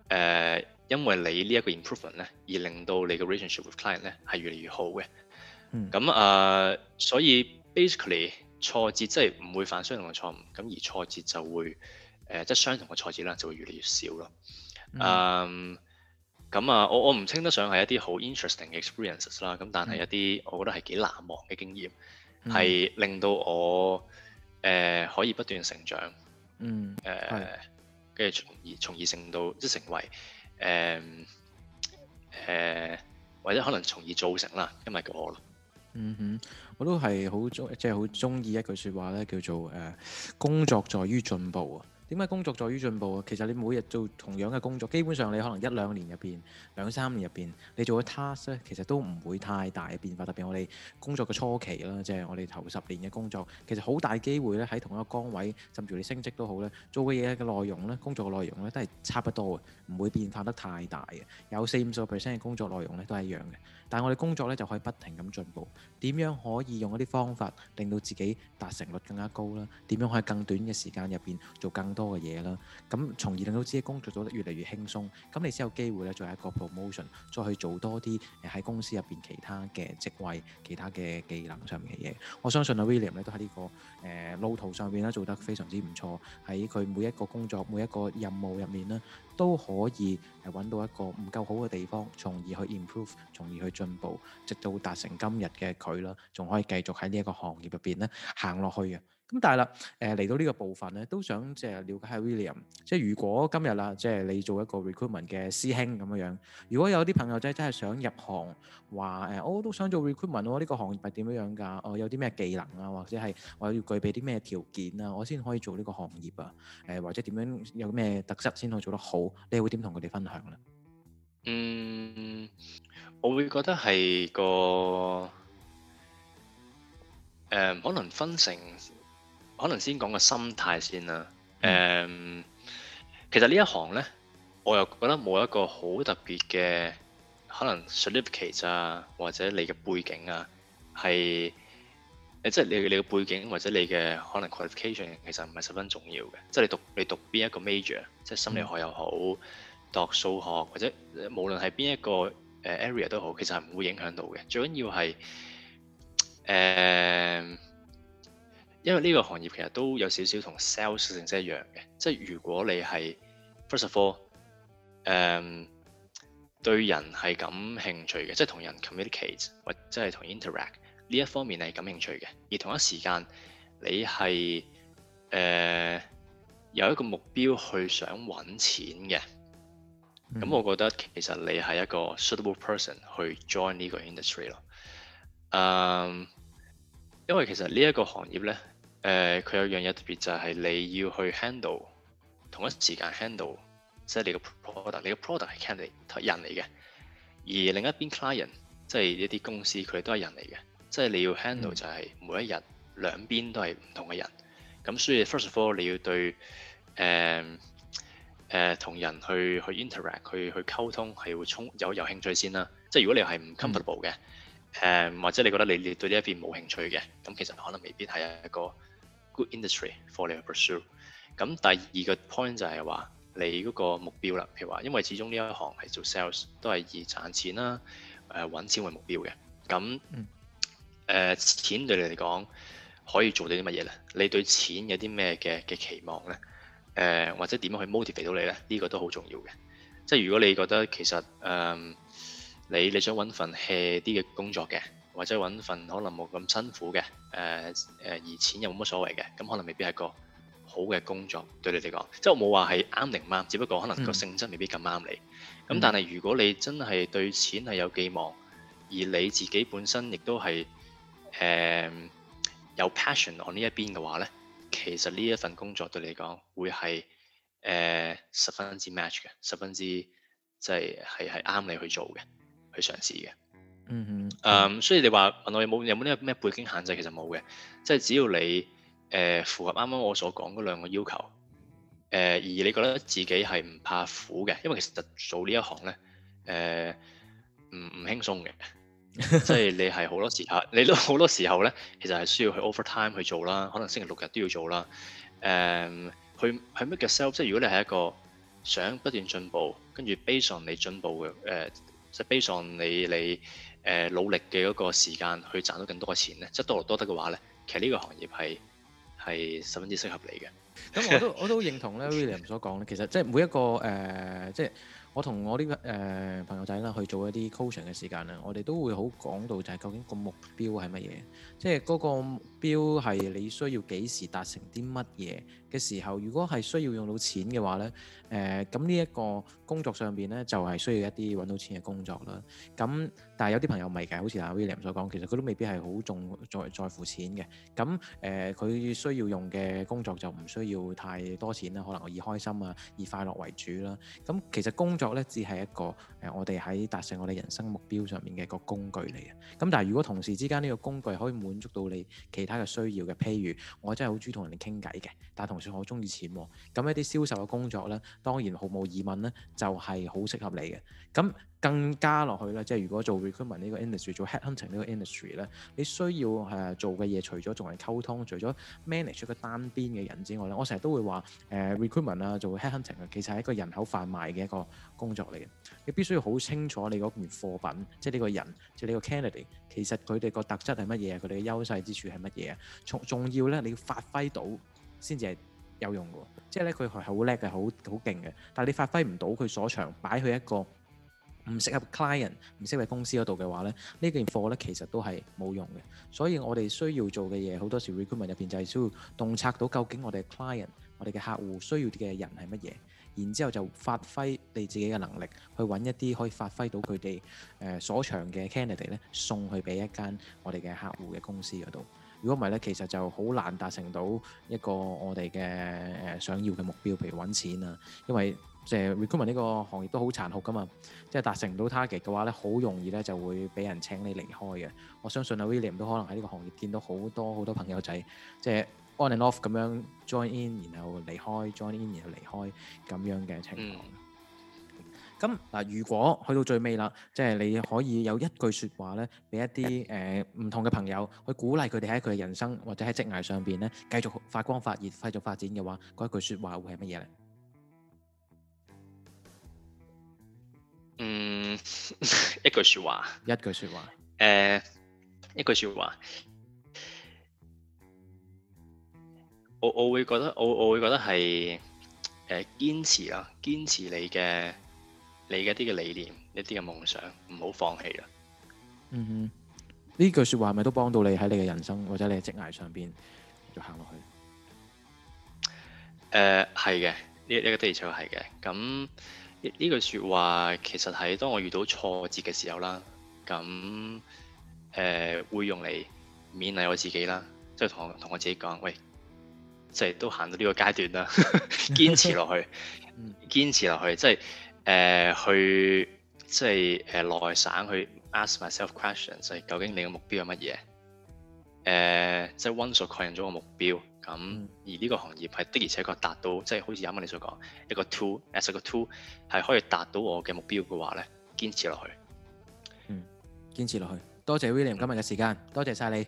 呃，因為你呢一個 improvement 咧，而令到你嘅 relationship with client 咧係越嚟越好嘅。咁誒、嗯，uh, 所以 basically 挫折即係唔會犯相同嘅錯誤，咁而挫折就會誒，即、呃、係、就是、相同嘅挫折咧就會越嚟越少咯。嗯。Uh, 咁啊，我我唔稱得上係一啲好 interesting experiences 啦，咁但係一啲我覺得係幾難忘嘅經驗，係令到我誒、呃、可以不斷成長，嗯，誒、呃，跟住從而從而成到即成為誒誒、呃呃，或者可能從而造成啦今日嘅我咯。嗯哼，我都係好中即係好中意一句説話咧，叫做誒、呃、工作在於進步啊。點解工作在於進步啊？其實你每日做同樣嘅工作，基本上你可能一兩年入邊、兩三年入邊，你做嘅 task 咧，其實都唔會太大嘅變化。特別我哋工作嘅初期啦，即係我哋頭十年嘅工作，其實好大機會咧喺同一個崗位，甚至你升職都好咧，做嘅嘢嘅內容咧，工作嘅內容咧，都係差不多嘅，唔會變化得太大嘅。有四五十個 percent 嘅工作內容咧，都係一樣嘅。但係我哋工作咧就可以不停咁進步，點樣可以用一啲方法令到自己達成率更加高啦？點樣可以喺更短嘅時間入面做更多嘅嘢啦？咁從而令到自己工作做得越嚟越輕鬆，咁你先有機會咧做一個 promotion，再去做多啲喺公司入面其他嘅職位、其他嘅技能上面嘅嘢。我相信啊 William 都喺呢個路途上面咧做得非常之唔錯，喺佢每一個工作、每一個任務入面咧，都可以係揾到一個唔夠好嘅地方，從而去 improve，從而去進步，直到達成今日嘅佢啦，仲可以繼續喺呢一個行業入邊咧行落去啊！咁但係啦，誒嚟到呢個部分咧，都想即係了解下 William，即係如果今日啦，即係你做一個 recruitment 嘅師兄咁樣樣，如果有啲朋友仔真係想入行，話誒、哦，我都想做 recruitment 喎、哦，呢、這個行業係點樣樣㗎？我、哦、有啲咩技能啊，或者係我要具備啲咩條件啊，我先可以做呢個行業啊？誒、呃，或者點樣有咩特質先可以做得好？你會點同佢哋分享呢？嗯，我會覺得係個誒、呃，可能分成。可能先講個心態先啦。誒、嗯，um, 其實呢一行咧，我又覺得冇一個好特別嘅，可能 certificate 啊，或者你嘅背景啊，係誒，即、就、係、是、你你嘅背景或者你嘅可能 qualification 其實唔係十分重要嘅。即、就、係、是、你讀你讀邊一個 major，、嗯、即係心理學又好，讀數學或者無論係邊一個誒 area 都好，其實係唔會影響到嘅。最緊要係誒。呃因為呢個行業其實都有少少同 sales 性質一樣嘅，即係如果你係 first of all，誒、um, 對人係感興趣嘅，即係同人 communicate 或者即係同 interact 呢一方面係感興趣嘅，而同一時間你係誒、呃、有一個目標去想搵錢嘅，咁、mm. 我覺得其實你係一個 suitable person 去 join 呢個 industry 咯，誒、um，因為其實呢一個行業咧。誒佢、呃、有樣嘢特別就係你要去 handle 同一時間 handle，即係你個 product，你個 product 係 handle 人嚟嘅，而另一邊 client 即係一啲公司佢都係人嚟嘅，即、就、係、是、你要 handle 就係每一日兩邊都係唔同嘅人，咁、嗯、所以 first of all 你要對誒誒同人去去 interact 去去溝通係會充有有，有興趣先啦。即、就、係、是、如果你係唔 comfortable 嘅誒，嗯、或者你覺得你你對呢一邊冇興趣嘅，咁其實可能未必係一個 industry for you to pursue。咁第二個 point 就係話，你嗰個目標啦，譬如話，因為始終呢一行係做 sales，都係以賺錢啦，誒、呃、揾錢為目標嘅。咁誒、嗯呃、錢對你嚟講可以做到啲乜嘢咧？你對錢有啲咩嘅嘅期望咧？誒、呃、或者點樣去 motivate 到你咧？呢、這個都好重要嘅。即係如果你覺得其實誒、呃、你你想揾份 hea 啲嘅工作嘅。或者揾份可能冇咁辛苦嘅，誒、呃、誒而錢又冇乜所謂嘅，咁可能未必係個好嘅工作對你嚟講，即係我冇話係啱定唔啱，只不過可能個性質未必咁啱你。咁、嗯、但係如果你真係對錢係有寄望，而你自己本身亦都係誒有 passion 喺呢一邊嘅話咧，其實呢一份工作對你嚟講會係誒十分之 match 嘅，十分之即係係係啱你去做嘅，去嘗試嘅。嗯嗯，誒、嗯，um, 所以你話問我有冇有冇啲咩背景限制？其實冇嘅，即、就、係、是、只要你誒、呃、符合啱啱我所講嗰兩個要求，誒、呃，而你覺得自己係唔怕苦嘅，因為其實做呢一行咧，誒、呃，唔唔輕鬆嘅，即係 *laughs* 你係好多時刻，你都好多時候咧，其實係需要去 over time 去做啦，可能星期六日都要做啦，誒、呃，去去 make yourself 即係如果你係一個想不斷進步，跟住 based on 你進步嘅，誒、呃，即、就是、based on 你你。努力嘅嗰個時間去賺到更多嘅錢咧，即多勞多得嘅話呢，其實呢個行業係係十分之適合你嘅。咁我都我都認同咧 *laughs* ，William 所講咧，其實即每一個誒，即、呃就是、我同我啲誒、呃、朋友仔啦去做一啲 coaching 嘅時間啊，我哋都會好講到就係究竟個目標係乜嘢，即、就、嗰、是、個目標係你需要幾時達成啲乜嘢嘅時候，如果係需要用到錢嘅話呢，誒咁呢一個工作上邊呢，就係需要一啲揾到錢嘅工作啦，咁。但係有啲朋友唔係嘅，好似阿 William 所講，其實佢都未必係好重在、在乎錢嘅。咁誒，佢、呃、需要用嘅工作就唔需要太多錢啦。可能我以開心啊、以快樂為主啦。咁其實工作呢，只係一個誒、呃，我哋喺達成我哋人生目標上面嘅一個工具嚟嘅。咁但係如果同事之間呢個工具可以滿足到你其他嘅需要嘅，譬如我真係好中意同人哋傾偈嘅，但同時我好中意錢。咁一啲銷售嘅工作呢，當然毫無疑問呢，就係好適合你嘅。咁更加落去咧，即係如果做 recruitment 呢個 industry，做 headhunting 呢個 industry 咧，你需要做嘅嘢除咗仲係溝通，除咗 manage 一個單邊嘅人之外咧，我成日都會話 recruitment 啊，呃、rec ment，做 headhunting 啊，其實係一個人口販賣嘅一個工作嚟嘅。你必須要好清楚你嗰件貨品，即係呢個人，即係呢個 candidate，其實佢哋個特質係乜嘢，佢哋嘅優勢之處係乜嘢，從重要咧你要發揮到先至係有用嘅。即係咧佢係好叻嘅，好好勁嘅，但係你發揮唔到佢所長，擺佢一個。唔適合 client，唔適合公司嗰度嘅話咧，呢件貨咧其實都係冇用嘅。所以我哋需要做嘅嘢好多時 requirement 入邊就係需要洞察到究竟我哋 client，我哋嘅客戶需要嘅人係乜嘢，然之後就發揮你自己嘅能力，去揾一啲可以發揮到佢哋誒所長嘅 candidate 咧，送去俾一間我哋嘅客戶嘅公司嗰度。如果唔係咧，其實就好難達成到一個我哋嘅誒想要嘅目標，譬如揾錢啊，因為。即係 recruitment 呢個行業都好殘酷噶嘛，即係達成唔到 target 嘅話呢，好容易呢就會俾人請你離開嘅。我相信阿、啊、William 都可能喺呢個行業見到好多好多朋友仔，即係 on and off 咁樣 join in，然後離開，join in 然後離開咁樣嘅情況。咁嗱、嗯，嗯、如果去到最尾啦，即、就、係、是、你可以有一句説話呢，俾一啲誒唔同嘅朋友去鼓勵佢哋喺佢嘅人生或者喺職涯上邊呢，繼續發光發熱、快速發展嘅話，嗰一句説話會係乜嘢呢？嗯，一句說話，一句話，呃，一句說話，誒，一句說話，我我會覺得，我我會覺得係誒堅持啊，堅持你嘅你嘅一啲嘅理念，一啲嘅夢想，唔好放棄啊。嗯哼，呢句說話係咪都幫到你喺你嘅人生或者你嘅職涯上邊就行落去？誒、呃，係嘅，呢一個的確係嘅，咁、嗯。呢句説話其實係當我遇到挫折嘅時候啦，咁誒、呃、會用嚟勉勵我自己啦，即係同我同我自己講，喂，即係都行到呢個階段啦，堅 *laughs* 持落去，堅持落去，即係誒、呃、去即係誒內省去 ask myself questions，就係究竟你嘅目標係乜嘢？誒、呃，即係 once 我確認咗個目標。咁、嗯、而呢個行業係的，而且確達到即係、就是、好似啱啱你所講一個 tool，as 實個 tool 係可以達到我嘅目標嘅話呢，堅持落去，嗯，堅持落去。多謝 William 今日嘅時間，嗯、多謝晒你。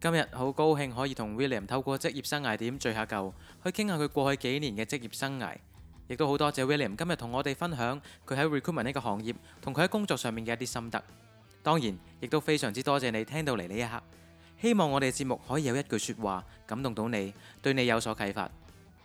今日好高興可以同 William 透過職業生涯點聚下舊，去傾下佢過去幾年嘅職業生涯，亦都好多謝 William 今日同我哋分享佢喺 recruitment 呢個行業同佢喺工作上面嘅一啲心得。當然亦都非常之多謝你聽到嚟呢一刻。希望我哋節目可以有一句說話感動到你，對你有所啟發。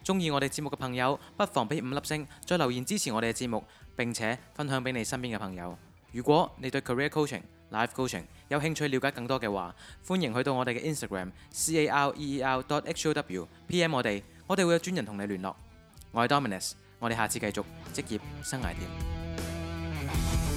中意我哋節目嘅朋友不妨俾五粒星，再留言支持我哋嘅節目，並且分享俾你身邊嘅朋友。如果你對 career coaching、life coaching 有興趣，了解更多嘅話，歡迎去到我哋嘅 Instagram c a r e e r dot h o w PM 我哋，我哋會有專人同你聯絡。我係 Dominus，我哋下次繼續職業生涯點。